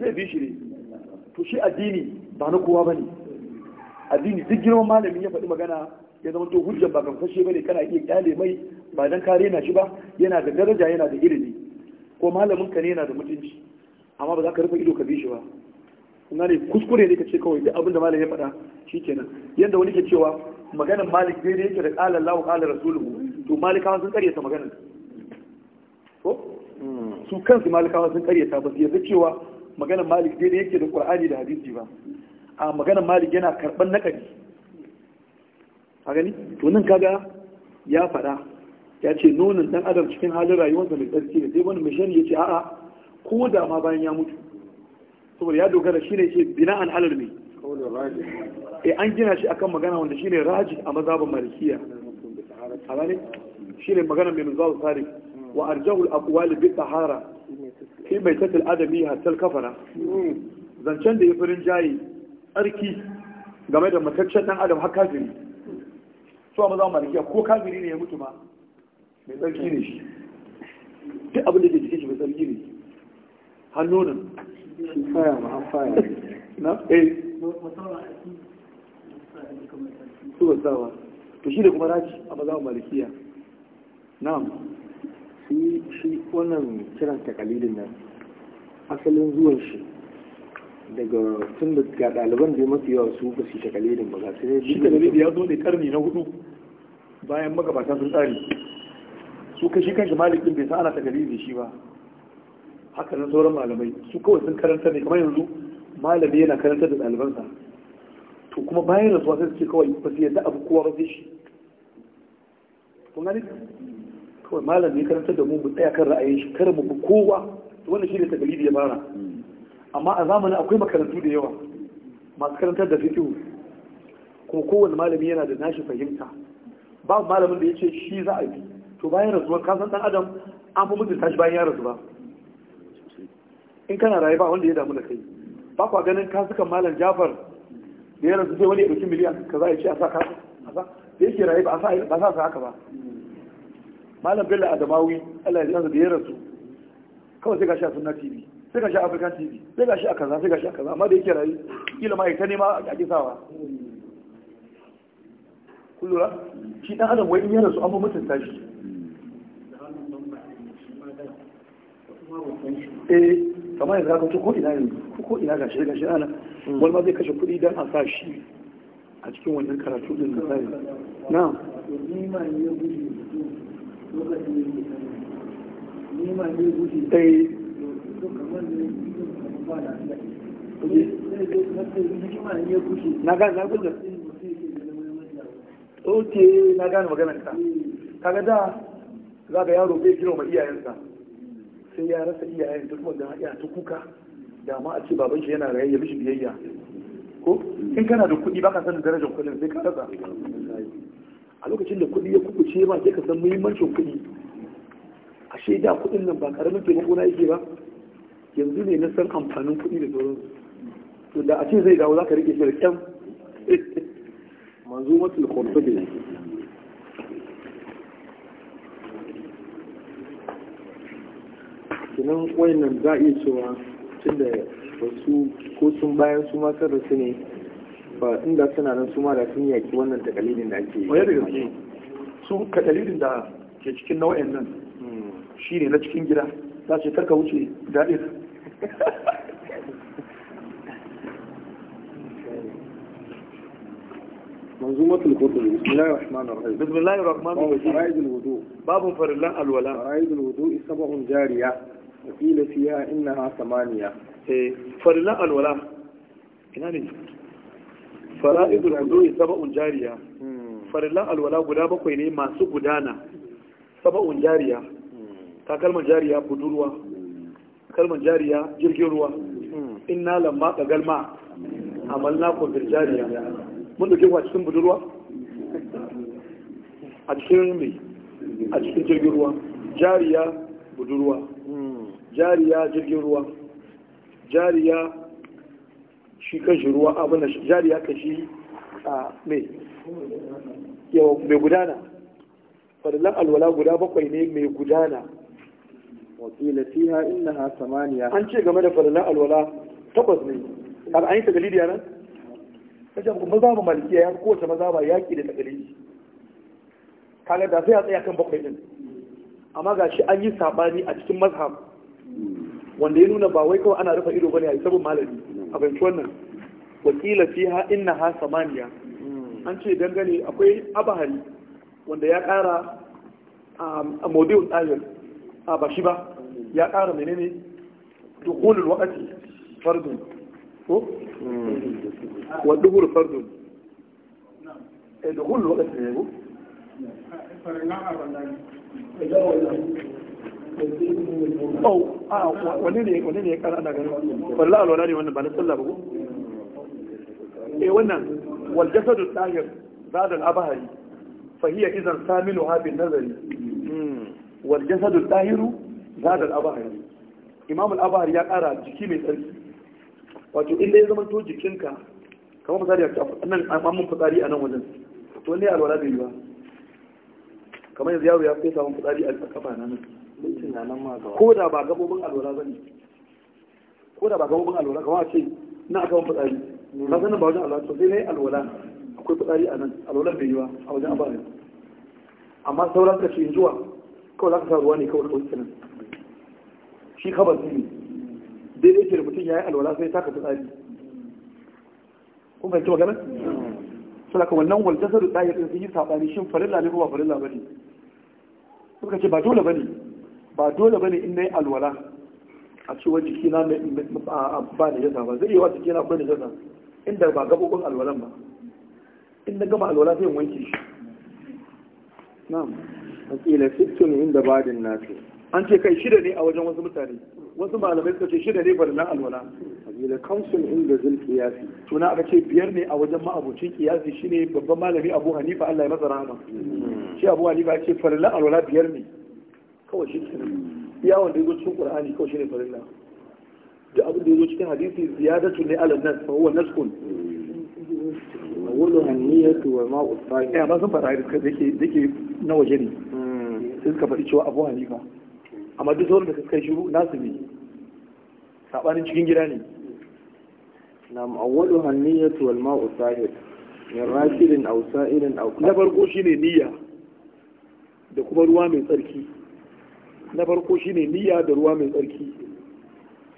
zai bi shi ne to shi addini ba na kowa ba ne addini duk girman malamin ya faɗi magana ya zama to hujjar ba kan fashe bane kana iya kyale mai ba don kare na shi ba yana da daraja yana da ilimi ko malamin ka ne yana da mutunci amma ba za ka rufe ido ka bi shi ba kuma ne kuskure ne ka ce kawai duk abin da malam ya faɗa shikenan yanda wani ke cewa maganin malik da yake da qala Allahu qala rasuluhu to malikawa sun karyata maganar ko su kansu malikawa sun karyata ba su yarda cewa maganar malik da yake da qur'ani da hadisi ba a maganar malik yana karban nakari a gani to nan kaga ya faɗa ya ce nonon dan adam cikin halin rayuwarsa mai tsarki ne sai wani mai ya ce a'a ko da ma bayan ya mutu saboda ya dogara shi ne ce bina an halar ne e eh, an gina shi akan magana wanda shine raji a mazabin malikiya shi shine magana mai muzawu tsari wa arjahul akwali bi tsahara fi mai tattal adami hatta kafara zancen da ya firin jayi tsarki game da mataccen dan adam har kafiri su a mazabin malikiya ko kafiri ne ya mutu ma mai tsarki ne shi duk abin da ke jikin shi mai tsarki ne hannu nan shi faya ma an faya na eh su ba to shi da kuma raji a mazawa malikiya na'am shi shi wannan kiran takalilin nan asalin zuwan shi daga tun da ga ɗaliban da mafi yawa su ba su takalilin ba ga sai shi takalilin ya zo ne karni na hudu bayan magabata sun tsari su kai shi kanshi malik bai san ana takalidi da shi ba haka nan sauran malamai su kawai sun karanta ne kamar yanzu malami yana karanta da ɗalibansa to kuma bayan rasuwa sai su ce kawai ba su yadda abu kowa ba zai shi kun gani kawai malami ya karanta da mu mu tsaya kan ra'ayin shi kar mu bi kowa to wannan shi ne takalidi ya fara amma a zamanin akwai makarantu da yawa masu karantar da fiqh kuma kowane malami yana da nashi fahimta babu malamin da ya ce shi za a yi. to bayan rasuwar kasan dan adam an fi mutunta shi bayan ya rasu ba in kana rayuwa ba wanda ya damu da kai ba kwa ganin kasukan malam jafar da ya rasu sai wani ya ɗauki miliyan ka za a ce a sa kasu da yake rayuwa ba a sa haka ba malam bello adamawi allah ya jansa da ya rasu kawai sai shi a sunna tv sai shi a african tv sai shi a kaza sai shi a kaza amma da yake rayuwa kila ma ita nema a ake sawa kullura shi ɗan adam wai in ya rasu an mutunta shi eh kamar yanzu haka ko ina yanzu ko ina gashi gashi ana hmm. wani zai kashe kuɗi don a sa shi a cikin wannan karatu din eh. na na gane na gane kaga da za yaro bai iyayensa sai ya rasa iyayen duk wanda ya ta kuka da ma a ce baban shi yana rayayya ya mishi biyayya ko in kana da kuɗi baka sanin darajar kuɗin sai ka rasa a lokacin da kuɗi ya kukuce ba sai ka san muhimmancin kuɗi a da kuɗin nan ba karamin taimako na yake ba yanzu ne na san amfanin kuɗi da sauran to da a ce zai dawo za ka rike shi da kyan manzo matul khurtubi kinan wayannan za a iya cewa tun da wasu ko sun bayan su ma sun rasu ne ba inda suna nan su ma da sun yaki wannan takalilin da ake yi daga su takalidin da ke cikin nau'in nan shi ne na cikin gida za ce karka wuce daɗin منظومة القرطبي بسم الله الرحمن الرحيم بسم الله الرحمن الرحيم فرائض الوضوء باب فرلان الولاء فرائض wakila fiya innaha samaniya eh farila alwala ina ne fara'idul wudu'i sab'un alwala guda bakwai ne masu gudana saba'un jariya ta kalmar jariya budurwa kalmar jariya jirgin ruwa inna lamma kagal ma amalna ku bil jariya mun dauke ku cikin budurwa a cikin jirgin ruwa jariya budurwa jariya jirgin ruwa jariya shi kashi shi ruwa abin da jariya kashi shi a mai yawa mai gudana fadilan alwala guda bakwai ne mai gudana wakila fiha ha samaniya an ce game da fadilan alwala takwas ne har an yi tagalidi yaran kajan kuma mazaba malikiya ya kowace maza ba yaƙi da tagalidi kaga da sai a tsaya kan bakwai din amma ga shi an yi sabani a cikin mazhab wanda ya nuna ba wai kawai ana rufe ido bane a isabin malami a fahimci wannan wakila ha ina ha samaniya an ce dangane akwai abahari wanda ya kara um, a maudi'un ayar a bashi ba ya kara menene dukkanin waqti fardun ko hmm. wa duhur fardun eh dukulul waqti ne ko oh a ah, wani ne wani ne ya kara da gani wallahi alwala ne wannan ba na sallah ba ko eh wannan wal jasadu tahir ba'da al-abhari fa hiya idan samiluha bin nazari hmm. wal jasadu tahiru ba'da al-abhari imam al-abhari ya kara jiki mai tsarki wato inda ya zama to jikinka kamar misali a nan an mun fitsari a nan wajen to ne alwala bai yi ba kamar yanzu yaro ya fesa mun fitsari a kafa na nan ko da ba gabobin alwala ba ne ko da ba gabobin alwala kamar ce na aka wani fitsari na sanin ba wajen alwala to sai na yi alwala akwai fitsari a nan alwalan bai yi ba a wajen abalin amma sauran ka ce zuwa kawai za ka sa ruwa ne kawai kawai sanin shi kabar ne dai ke da mutum ya yi alwala sai ta ka fitsari kun fahimci magana? saboda wannan waljasaru ɗaya ɗin sun yi saɓani shin farilla ne ko ba farilla ba ne suka ce ba dole ba ne ba dole bane in nayi alwala a cewa jikina ba ni jasa ba zai yi wa jikina ba da jasa inda ba gabobin alwalan ba in na gama alwala sai wanke shi na'am wakila sittun inda badin nasu an ce kai shida ne a wajen wasu mutane wasu malamai suka ce shida ne na alwala wakila kamsun inda zil kiyasi. tuna aka ce biyar ne a wajen ma'abucin kiyasi shine babban malami Abu Hanifa Allah ya masa rahama hmm. shi Abu Hanifa ya ce farilla alwala biyar ne kawai shi iya wanda ya zo cikin qur'ani kawai shi ne farilla da abin da ya zo cikin hadisi ziyadatu ne ala nas fa huwa naskun awwalu hanniyatu wa ma'u sa'id eh ba san fara da yake yake na waje ne hmm. sai suka faɗi cewa Abu Hanifa amma duk sauran da suka shiru nasu ne sabanin cikin gida ne nam awwalu hanniyatu wal ma'u sa'id min rashidin aw sa'irin aw na farko shine niyya da kuma ruwa mai tsarki na farko shine niyya da ruwa mai tsarki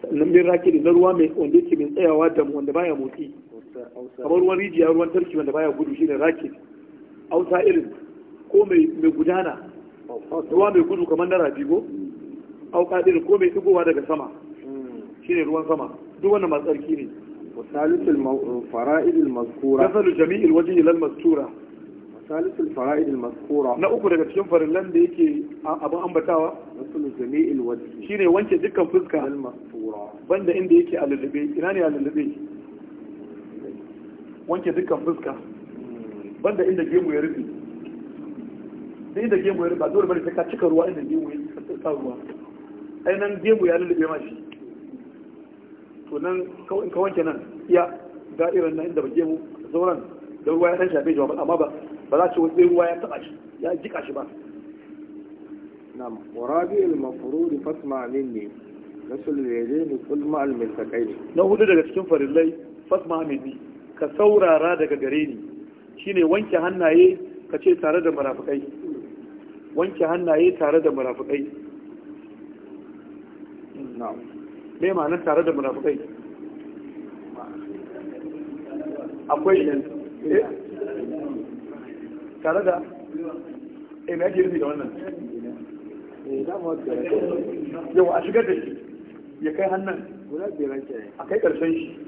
sannan min raki na ruwa mai wanda yake mai tsayawa da wanda baya motsi kamar ruwan rijiya ruwan tarki wanda baya gudu shine rake ausa irin ko mai gudana ruwa mai gudu kamar na rafi ko au ko mai digowa daga sama shine ruwan sama duk wannan tsarki ne وثالث الفرائض mazkura مثل جميع wajhi إلى المستورة ثالث الفرائض المذكورة na uku daga cikin farillan da yake abin ambatawa wasu jami'il shine wanke dukkan fuska al masfura banda inda yake alulube ina ne alulube wanke dukkan fuska hmm. banda inda gemu ya rufe da inda gemu ya rufe ba dole bane sai ka cika ruwa inda gemu ya sa ruwa ai gemu ya lulube ma shi to nan wanke nan iya inda ba gemu sauran da ruwa ya amma ba ba za ce wani ruwa ya taɓa shi ya jika shi ba nam warabi al-mafruri fasma minni rasul yadayni qul ma al-miltaqaini na hudu daga cikin farillai fasma minni ka saurara daga gare ni shine wanke hannaye ka ce tare da marafikai wanke hannaye tare da marafikai na'am me ma'anar tare da marafikai akwai eh? tare da eh me ake da wannan eh, yau a shigar da shi ya kai hannun a kai karshen shi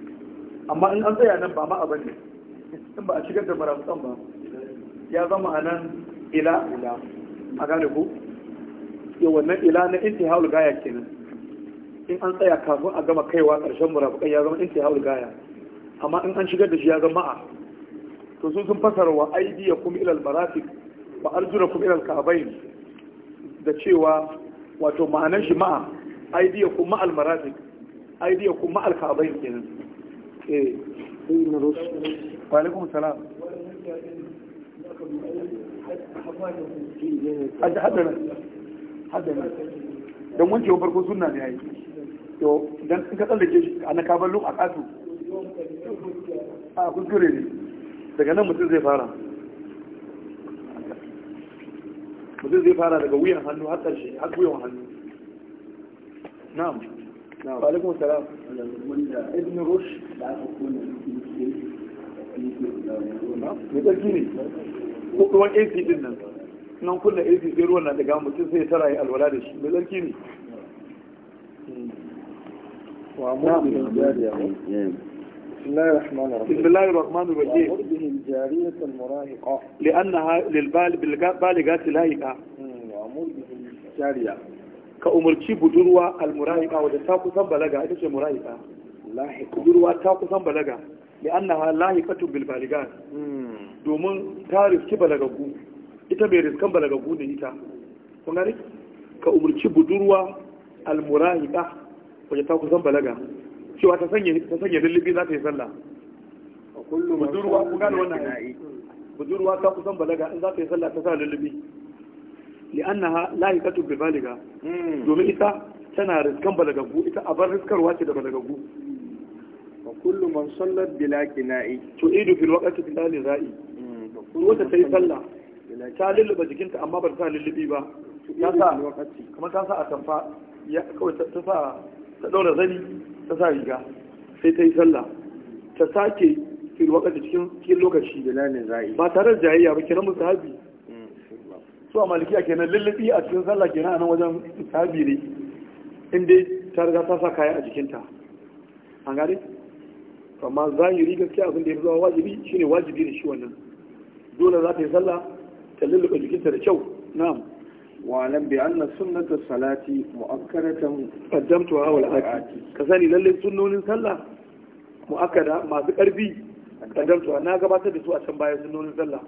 amma in an tsaya nan ba ma abin ne in ba a shigar da marasutan ba ya zama a nan ila a gane ku yau wannan ila na inti haul gaya kenan in an tsaya kafin a gama kaiwa karshen murafukan ya zama inti haul gaya amma in an shigar da shi ya zama a to su sun fasara wa aydiyakum kuma ilal marafik, wa arjulakum kuma ilal kabayn da cewa wato ma'anar shi ma'a aydiyakum ma'a al-marafiq aydiyakum ma'a al-ka'bayn kenan eh wa alaikum salam haddana haddana don wancewa farko sunna ne yayi to dan ka tsallake shi a na kaballu a kasu a kuskure ne daga nan mutum zai fara mutum zai fara daga wuyan hannu har ƙarshe har wuyan hannu na'am na'am wa alaikum salam wanda ibn rush da aka kona mai tsarki ne ko ruwan ac din nan nan kunna ac sai ruwan na daga mutum sai tara ya alwala da shi mai tsarki ne wa mu da بسم الله الرحمن الرحيم بسم الله الرحمن الرحيم المراهقة لأنها للبالغات لائقة وعمره الجارية كأمرتي بدروة المراهقة ودتاكو سنبلغة إذا شيء مراهقة لاهقة بدروة تاكو سنبلغة لأنها لاهقة بالبالغات دومون تعرف riski balagagu ita mai riskan balagagu ne ita kun gani ka umarci budurwa ta kusan balaga cewa ta sanya ta sanya lullubi za ta yi sallah budurwa ku gane wannan budurwa ta kusan balaga in za ta yi sallah ta sa lullubi li'annaha la yakatu bi baliga hmm. domin ita tana riskan balagagu ita a bar riskarwa ce da balagagu wa kullu man sallat bila kina'i to idu fil waqti bila ali ra'i hmm. wata ta yi sallah ta lulluba jikinta amma ba ta lullubi ba ta sa kamar ta sa a tamfa ya kawai ta sa ta daura zani ta sa riga sai ta yi sallah ta sake fil da cikin cikin lokaci ba tare da jayayya ba kiran musahabi mm, su a malikiya kenan lullubi a cikin sallah kenan a nan wajen musahabi ne in ta riga ta sa kaya a jikinta an gare amma zahiri gaskiya abin da ya zuwa wajibi shine wajibi da shi wannan dole za ta yi sallah ta lulluɓe jikinta da kyau na'am wa'alam bi anna sunnata salati mu'akkaratan qaddamtu awal aqati kasani lalle sunnonin sallah mu'akkada masu karfi qaddamtu na gabatar da su a can bayan sunnonin sallah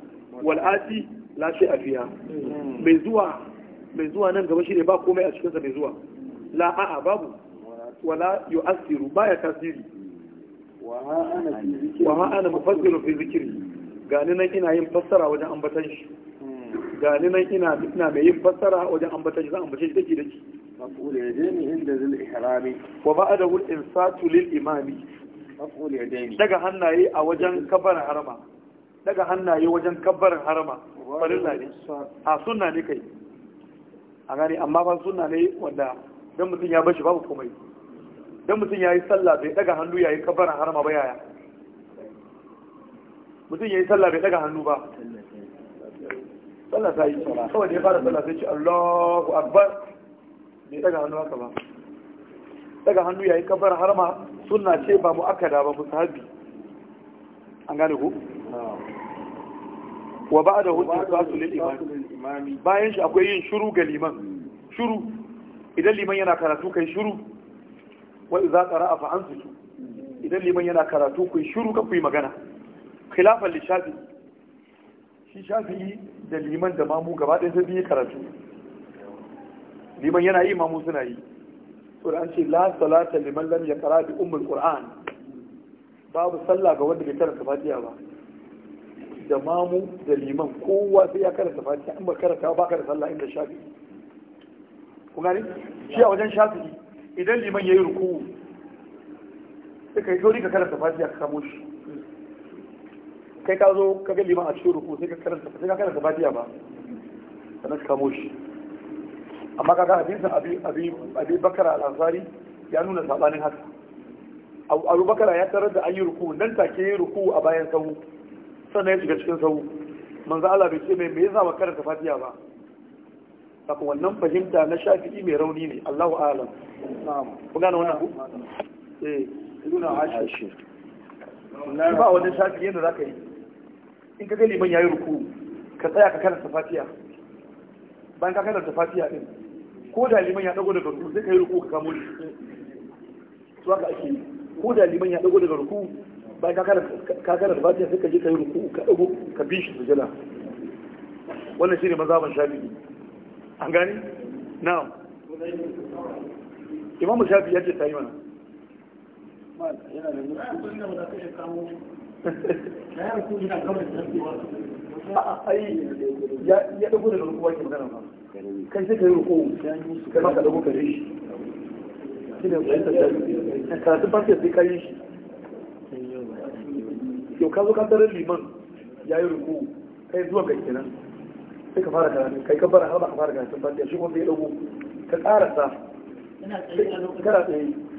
wal ati la shi afiya mai zuwa mai zuwa nan gaba shi ne ba komai a cikinsa mai zuwa la a'a babu wala yu'assiru baya tasiri wa ha ana mufassiru fi zikiri gani nan ina yin fassara wajen ambatan shi gani nan ina ina mai yin fassara wajen ambata shi zan ambata shi da shi maf'ul yadaini inda zil ihrami wa ba'da wal insatu lil imami maf'ul yadaini daga hannaye a wajen kabar harama daga hannaye wajen kabar harama farilla ne a sunna ne kai a gani amma fa sunna ne wanda dan mutum ya bashi babu komai dan mutum yayi sallah bai daga hannu yayi kabar harama ba yaya mutum yayi sallah bai daga hannu ba sallah ta yi kawai da ya fara sallah sai ce Allahu akbar bai daga hannu haka ba daga hannu yayin kafar harma suna ce ba mu akada ba sahabi. an gane ku wa ba da hudu ta su imami bayan shi akwai yin shuru ga liman shuru idan liman yana karatu kai shuru wa idza qara'a fa ansitu idan liman yana karatu kai shuru ka magana khilafan lishafi shi shafi'i da liman da mamu gaba ɗaya sai biyu karatu liman yana yi mamu suna yi to ce la salata liman lam ya kara bi umar ƙura'an babu sallah ga wanda bai karanta fatiya ba da mamu da liman kowa sai ya karanta fatiya in ba karanta ba ka da sallah inda shafi'i ku gani shi a wajen shafi'i idan liman ya yi ruku sai kai sauri ka karanta fatiya ka samu shi kai ka zo ka ga liman a cikin ruku sai ka karanta sai ka karanta fatiha ba sannan ka kamo shi amma kaga hadisin abi abi abi bakara al-ansari ya nuna sabanin haka abu bakara ya tarar da an yi ruku nan take yi ruku a bayan sahu sannan ya shiga cikin sahu manzo Allah bai ce mai me yasa ba karanta fatiya ba saka wannan fahimta na shafi'i mai rauni ne Allahu a'lam ku gane wannan ku eh nuna ashir ba wani shafi yadda ka yi in ka ga liman yayi ruku ka tsaya ka karanta fatiha bayan ka karanta fatiha din ko da liman ya dago daga ruku sai ka yi ruku ka kamo shi to haka ake yi ko da liman ya dago daga ruku bayan ka karanta fatiha sai ka je ka yi ruku ka dago ka bi shi sujada wannan shine mazhaban shafi'i an gani na'am imamu shafi'i yace tayi mana yana da ya ɗago daga rukuwa ke magana ba kan sai ka yi rukuwa kai maka ɗago ka shi shi ne karatun fasiyar sai ka yi shi yau ka zo ka tarar liman ya yi rukuwa kai zuwa ga kenan sai ka fara karatu kai ka bara har ba ka fara karatun fasiyar shi wanda ya ɗago ka ƙarasa kana tsaye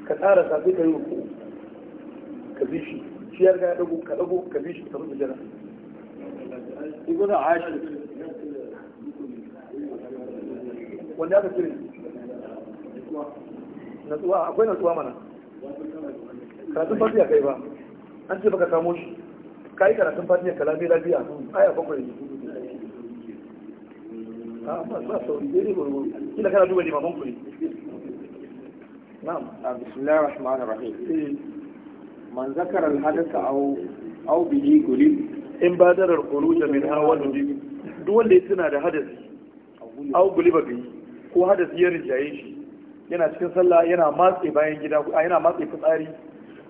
ka ƙarasa sai ka yi rukuwa ka bi shi shi ya riga ya dago ka dago ka bi shi ka rubuta jira ibnu ashir wanda aka cire natsuwa akwai natsuwa mana karatun fatiya kai ba an ce baka samo shi ka yi karatun fatiya ka lafiya lafiya aya bakwai ne a ah, ba su sau, sauri daidai gwargwaro kila kana duba limaman ku ne na'am bismillahir rahmanir rahim eh. من ذكر الحدث او او به gulib ان بادر الخروج من اول nudi duk wanda ya tuna da hadasi aw guliba bihi ko hadasi ya rinjaye shi yana cikin sallah yana matse bayan gida yana matse fitsari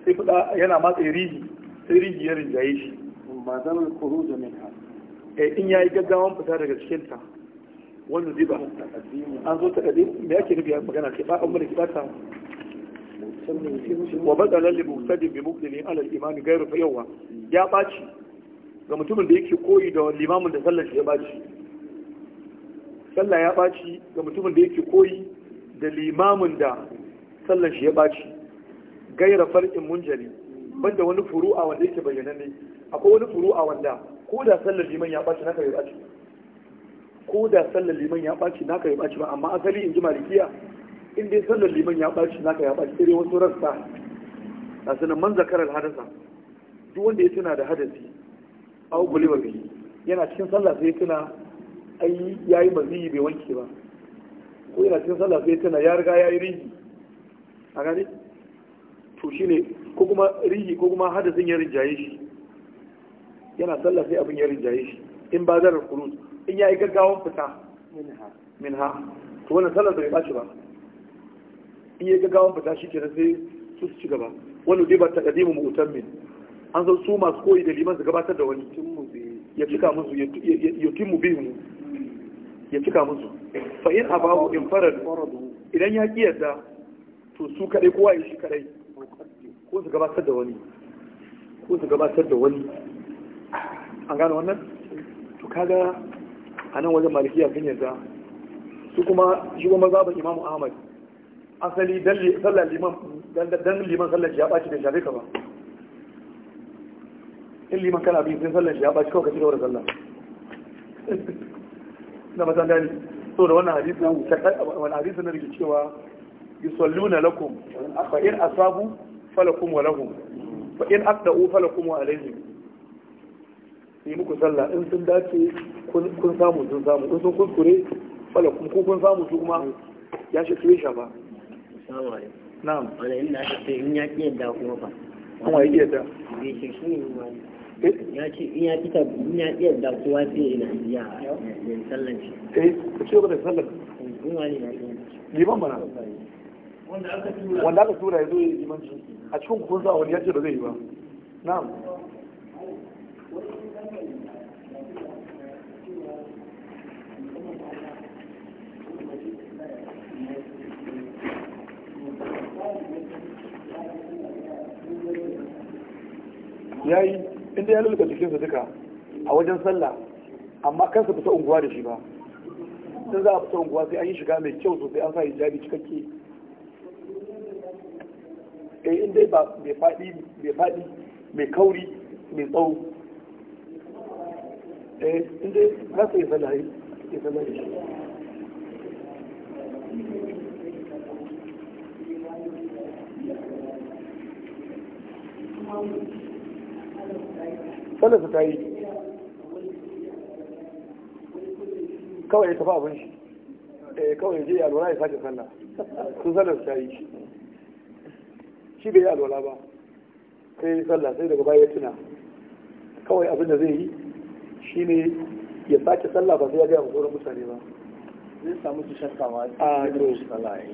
sai fita yana matse rigi, sai rigi ya rinjaye shi kuru da min ha eh in yayi gaggawan fita daga cikin ta wannan ba, an zo ta kadi me yake nufi magana ke ba an bari ki ba ta wa badalan li sadin bi muqtadin ala al-imam ghayru fa yawa ya baci ga mutumin da yake koyi da limamin da sallar shi ya baci sallah ya baci ga mutumin da yake koyi da limamin da sallar shi ya baci gaira farkin munjali banda wani furu'a wanda yake bayyananne akwai wani furu'a wanda ko da sallar liman ya baci naka ya baci ko da sallar liman ya baci naka ya baci ba amma asali in ji malikiya in dai sallar liman ya ɓaci naka ya ɓaci ɗari wasu rasta a sanar man zakarar hadasa duk wanda ya tuna da hadasi a hukuli ba yana cikin sallah sai ya tuna ai ya yi maziyi bai wanke ba ko yana cikin sallah sai ya tuna ya riga ya yi rihi a gani to shi ne ko kuma rihi ko kuma hadasin ya rinjaye shi yana sallah sai abin ya rinjaye shi in ba zarar kurus in ya yi gaggawan fita min ha to wannan sallar bai ɓaci ba in ya gaggawan fita shi kenan sai su su ci gaba wani ne ba ta kadimu mu'tammin an san su masu koyi da liman su gabatar da wani ya cika musu ya timmu bihin ya cika musu fa in abahu in farad idan ya kiyarda to su kadai kowa ya shi kadai ko su gabatar da wani ko su gabatar da wani an gane wannan to kaga a nan wajen malikiya sun yarda su kuma shi kuma zaɓin imamu ahmad asali dan sallar liman dan liman sallar shi ya baci da shafe ka ba in liman kana bin sun sallar shi ya baci kawai ka ci da sallah na matan gani so da wannan hadisi wani hadisi na rike cewa na lakum fa in asabu falakum wa lahum fa in aqda'u falakum wa alayhim yi muku sallah in sun dace kun samu sun samu in sun kuskure falakum ko kun samu su kuma ya shi su shafa kuma ya eh? ya ce in ya kita in ya kowa sai biya sallan shi eh, ce ba da sallan wani na liman wanda aka tura ya zo ya liman a cikin kun sa wani ya ce ba zai yi ba na'am ya yi inda ya lulluka jikinsa duka a wajen sallah amma kansa fita unguwa da shi ba sun za a fita unguwa sai an yi shiga mai kyau sosai an sa hijabi cikakke eh yi inda ba mai faɗi mai kauri mai tsawo eh yi inda za su yi sallah yi sallah da shi sallar su ta yi kawai ya tafi abin shi eh, kawai ya je ya lura ya sake sallah sun sallar su ta yi shi bai yi alwala ba sai ya sallah sai daga baya ya tuna kawai abin da zai yi shi ne ya sake sallah ba sai ya gaya ma sauran mutane ba zai samu su shakka ma a to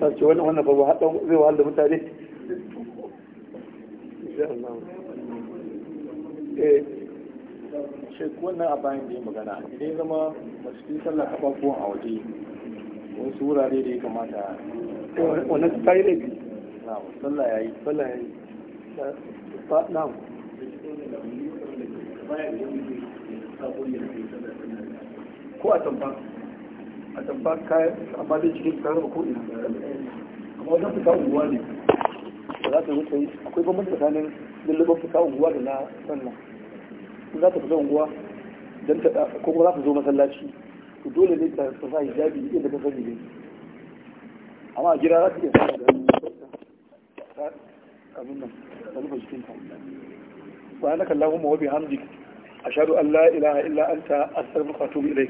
sarki wannan wannan farko haɗin zai wahala mutane eh, shek wannan a bayan da ya magana idan zama masu sallah kafafuwan a waje wasu wurare da ya kamata ko a tamfa a tamfa kayan amma da cikin kayan ko ina amma wajen fita unguwa ne ba za ta wuce akwai bambanci tsakanin lullubin fita unguwa da na sallah za ta fita unguwa dan ta ko kuma za ta zo masallaci to dole ne ta ta sa hijabi idan ta sani ne amma gida za ta iya sa da abin nan ta rufe jikin ta subhanaka allahumma wa bihamdik ashhadu an la ilaha illa anta astaghfiruka wa atubu ilayk